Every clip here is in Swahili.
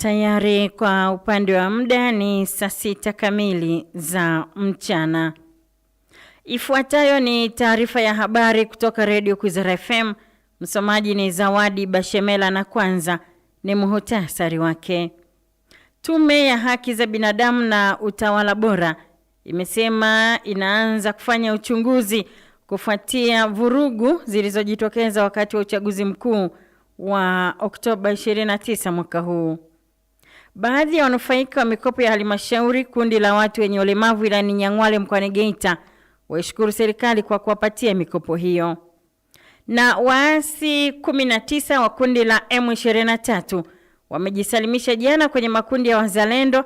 Tayari kwa upande wa muda ni saa sita kamili za mchana. Ifuatayo ni taarifa ya habari kutoka Redio Kwizera FM. Msomaji ni Zawadi Bashemela na kwanza ni muhutasari wake. Tume ya Haki za Binadamu na Utawala Bora imesema inaanza kufanya uchunguzi kufuatia vurugu zilizojitokeza wakati wa uchaguzi mkuu wa Oktoba 29 mwaka huu. Baadhi ya wanufaika wa mikopo ya halmashauri kundi la watu wenye ulemavu ilani nyangwale mkoani Geita waishukuru serikali kwa kuwapatia mikopo hiyo. Na waasi 19 wa kundi la M23 wamejisalimisha jana kwenye makundi ya wazalendo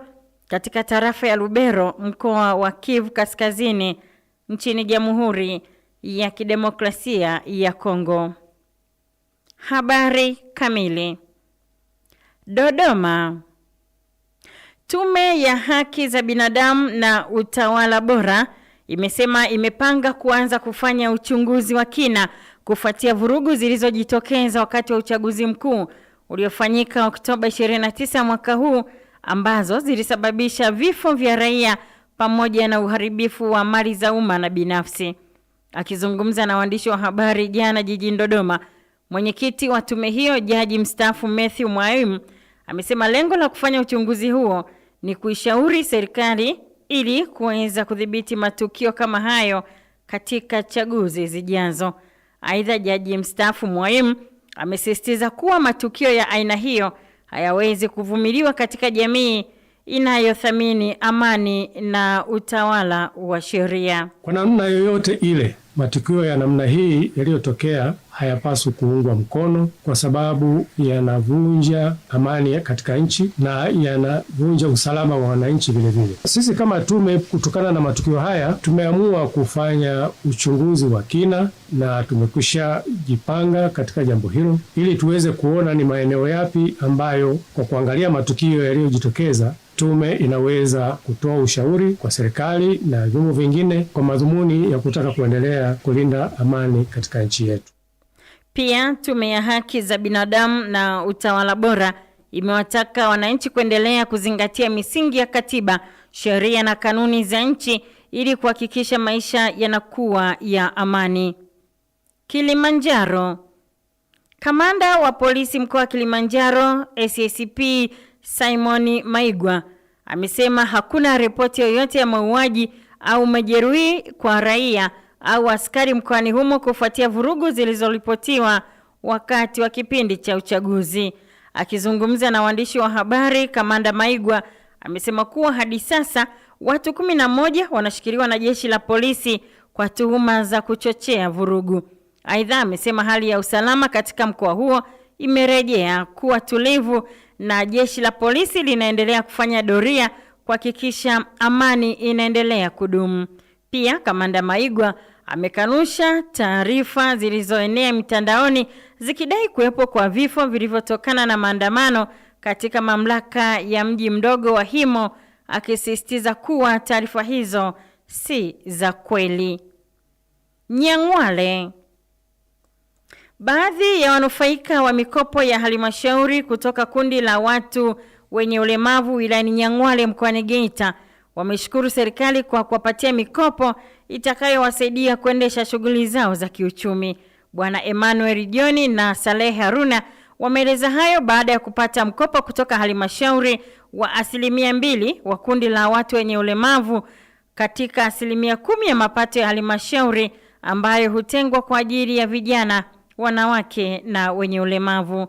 katika tarafa ya Lubero mkoa wa Kivu Kaskazini nchini Jamhuri ya Kidemokrasia ya Kongo. Habari kamili. Dodoma. Tume ya Haki za Binadamu na Utawala Bora imesema imepanga kuanza kufanya uchunguzi wa kina kufuatia vurugu zilizojitokeza wakati wa uchaguzi mkuu uliofanyika Oktoba 29 mwaka huu ambazo zilisababisha vifo vya raia pamoja na uharibifu wa mali za umma na binafsi. Akizungumza na waandishi wa habari jana jijini Dodoma, mwenyekiti wa tume hiyo Jaji mstaafu Matthew Mwaimu amesema lengo la kufanya uchunguzi huo ni kuishauri serikali ili kuweza kudhibiti matukio kama hayo katika chaguzi zijazo. Aidha, jaji mstaafu Mwaimu amesisitiza kuwa matukio ya aina hiyo hayawezi kuvumiliwa katika jamii inayothamini amani na utawala wa sheria kwa namna yoyote ile. Matukio ya namna hii yaliyotokea hayapaswi kuungwa mkono kwa sababu yanavunja amani katika nchi na yanavunja usalama wa wananchi vilevile. Sisi kama tume, kutokana na matukio haya, tumeamua kufanya uchunguzi wa kina na tumekwisha jipanga katika jambo hilo ili tuweze kuona ni maeneo yapi ambayo kwa kuangalia matukio yaliyojitokeza tume inaweza kutoa ushauri kwa serikali na vyombo vingine kwa madhumuni ya kutaka kuendelea kulinda amani katika nchi yetu. Pia tume ya haki za binadamu na utawala bora imewataka wananchi kuendelea kuzingatia misingi ya katiba, sheria na kanuni za nchi ili kuhakikisha maisha yanakuwa ya amani. Kilimanjaro. Kamanda wa polisi mkoa wa Kilimanjaro SACP Simon Maigwa amesema hakuna ripoti yoyote ya mauaji au majeruhi kwa raia au askari mkoani humo kufuatia vurugu zilizoripotiwa wakati wa kipindi cha uchaguzi. Akizungumza na waandishi wa habari, Kamanda Maigwa amesema kuwa hadi sasa watu moja wanashikiliwa na jeshi la polisi kwa tuhuma za kuchochea vurugu. Aidha, amesema hali ya usalama katika mkoa huo imerejea kuwa tulivu na jeshi la polisi linaendelea kufanya doria kuhakikisha amani inaendelea kudumu. Pia kamanda Maigwa amekanusha taarifa zilizoenea mitandaoni zikidai kuwepo kwa vifo vilivyotokana na maandamano katika mamlaka ya mji mdogo wa Himo, akisisitiza kuwa taarifa hizo si za kweli. Nyang'wale Baadhi ya wanufaika wa mikopo ya halmashauri kutoka kundi la watu wenye ulemavu wilayani nyangwale mkoani Geita wameshukuru serikali kwa kuwapatia mikopo itakayowasaidia kuendesha shughuli zao za kiuchumi. Bwana Emmanuel Joni na Saleh Haruna wameeleza hayo baada ya kupata mkopo kutoka halmashauri wa asilimia mbili wa kundi la watu wenye ulemavu katika asilimia kumi ya mapato ya halmashauri ambayo hutengwa kwa ajili ya vijana wanawake na wenye ulemavu.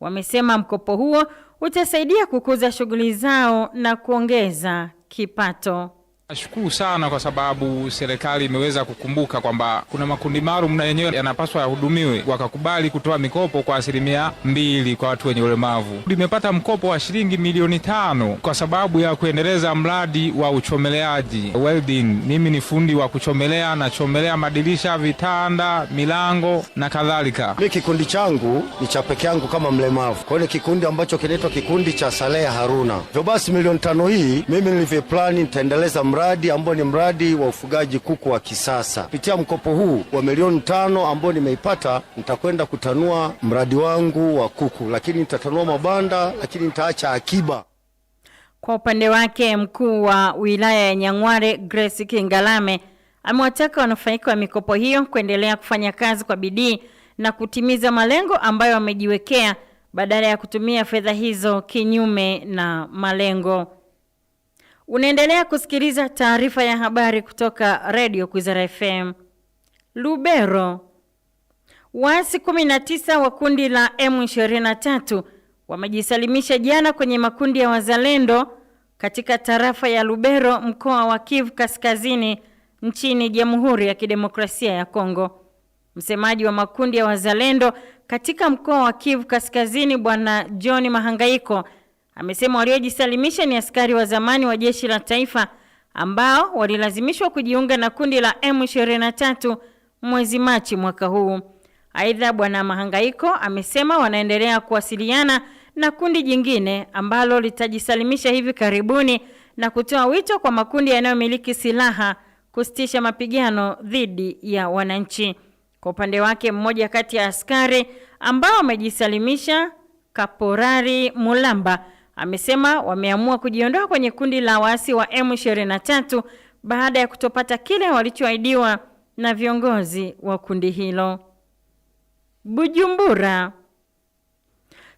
Wamesema mkopo huo utasaidia kukuza shughuli zao na kuongeza kipato. Nashukuru sana kwa sababu serikali imeweza kukumbuka kwamba kuna makundi maalum na yenyewe yanapaswa yahudumiwe, wakakubali kutoa mikopo kwa asilimia mbili kwa watu wenye ulemavu. Limepata mkopo wa shilingi milioni tano kwa sababu ya kuendeleza mradi wa uchomeleaji welding. Mimi ni fundi wa kuchomelea, nachomelea madirisha, vitanda, milango na kadhalika. Mimi kikundi changu ni cha peke yangu kama mlemavu, kwa hiyo ni kikundi ambacho kinaitwa kikundi cha Salehe Haruna. Hivyo basi milioni tano hii mimi nilivyoplani nitaendeleza mradi ambao ni mradi wa ufugaji kuku wa kisasa. Kupitia mkopo huu wa milioni tano ambao nimeipata, nitakwenda kutanua mradi wangu wa kuku, lakini nitatanua mabanda, lakini nitaacha akiba. Kwa upande wake, mkuu wa wilaya ya Nyang'hwale Grace Kingalame amewataka wanufaika wa mikopo hiyo kuendelea kufanya kazi kwa bidii na kutimiza malengo ambayo wamejiwekea badala ya kutumia fedha hizo kinyume na malengo. Unaendelea kusikiliza taarifa ya habari kutoka Radio Kwizera FM. Lubero, waasi 19 wa kundi la M23 wamejisalimisha jana kwenye makundi ya wazalendo katika tarafa ya Lubero mkoa wa Kivu Kaskazini nchini Jamhuri ya Kidemokrasia ya Kongo. Msemaji wa makundi ya wazalendo katika mkoa wa Kivu Kaskazini Bwana John Mahangaiko Amesema waliojisalimisha ni askari wa zamani wa jeshi la taifa ambao walilazimishwa kujiunga na kundi la M23 mwezi Machi mwaka huu. Aidha, Bwana Mahangaiko amesema wanaendelea kuwasiliana na kundi jingine ambalo litajisalimisha hivi karibuni na kutoa wito kwa makundi yanayomiliki silaha kusitisha mapigano dhidi ya wananchi. Kwa upande wake, mmoja kati ya askari ambao wamejisalimisha, Kaporari Mulamba amesema wameamua kujiondoa kwenye kundi la waasi wa M23 baada ya kutopata kile walichoahidiwa na viongozi wa kundi hilo. Bujumbura,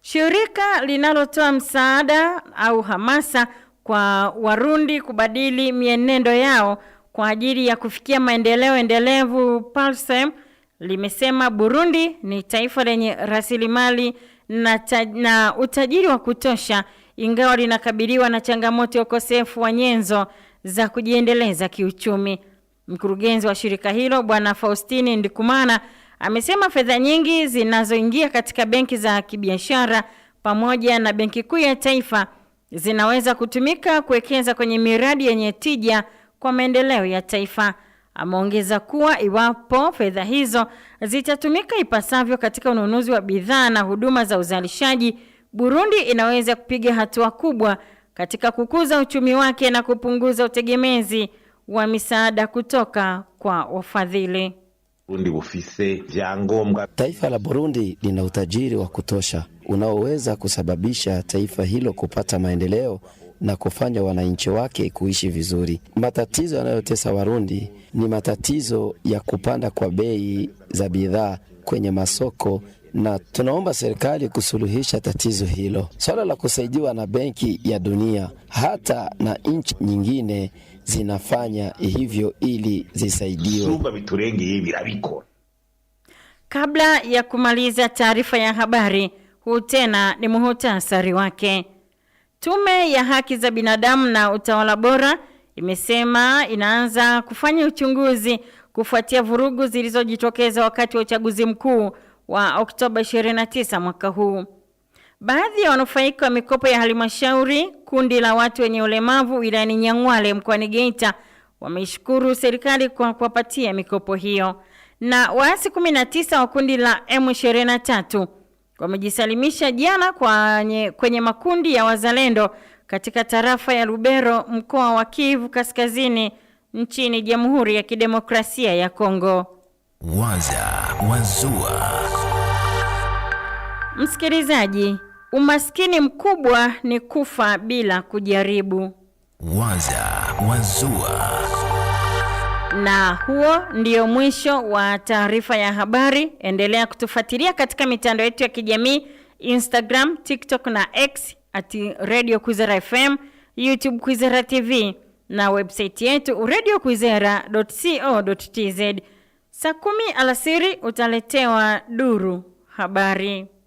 shirika linalotoa msaada au hamasa kwa Warundi kubadili mienendo yao kwa ajili ya kufikia maendeleo endelevu PALSEM limesema Burundi ni taifa lenye rasilimali na, na utajiri wa kutosha ingawa linakabiliwa na changamoto ya ukosefu wa nyenzo za kujiendeleza kiuchumi. Mkurugenzi wa shirika hilo Bwana Faustini Ndikumana amesema fedha nyingi zinazoingia katika benki za kibiashara pamoja na Benki Kuu ya Taifa zinaweza kutumika kuwekeza kwenye miradi yenye tija kwa maendeleo ya taifa. Ameongeza kuwa iwapo fedha hizo zitatumika ipasavyo katika ununuzi wa bidhaa na huduma za uzalishaji Burundi inaweza kupiga hatua kubwa katika kukuza uchumi wake na kupunguza utegemezi wa misaada kutoka kwa wafadhili. Taifa la Burundi lina utajiri wa kutosha unaoweza kusababisha taifa hilo kupata maendeleo na kufanya wananchi wake kuishi vizuri. Matatizo yanayotesa Warundi ni matatizo ya kupanda kwa bei za bidhaa kwenye masoko na tunaomba serikali kusuluhisha tatizo hilo. Swala la kusaidiwa na Benki ya Dunia, hata na nchi nyingine zinafanya hivyo ili zisaidiwe. Kabla ya kumaliza taarifa ya habari, huu tena ni muhutasari wake. Tume ya Haki za Binadamu na Utawala Bora imesema inaanza kufanya uchunguzi kufuatia vurugu zilizojitokeza wakati wa uchaguzi mkuu wa Oktoba 29 mwaka huu. Baadhi ya wanufaika wa mikopo ya halmashauri, kundi la watu wenye ulemavu wilayani Nyang'hwale mkoani Geita, wameishukuru serikali kwa kuwapatia mikopo hiyo, na waasi 19 wa kundi la M23 wamejisalimisha jana kwenye, kwenye makundi ya wazalendo katika tarafa ya Lubero mkoa wa Kivu Kaskazini nchini Jamhuri ya Kidemokrasia ya Kongo. Waza Wazua. Msikilizaji, umaskini mkubwa ni kufa bila kujaribu. Waza Wazua. Na huo ndio mwisho wa taarifa ya habari. Endelea kutufuatilia katika mitandao yetu ya kijamii Instagram, TikTok na X at Radio Kwizera FM, YouTube Kwizera TV na website yetu radiokwizera.co.tz. Saa kumi alasiri utaletewa duru habari.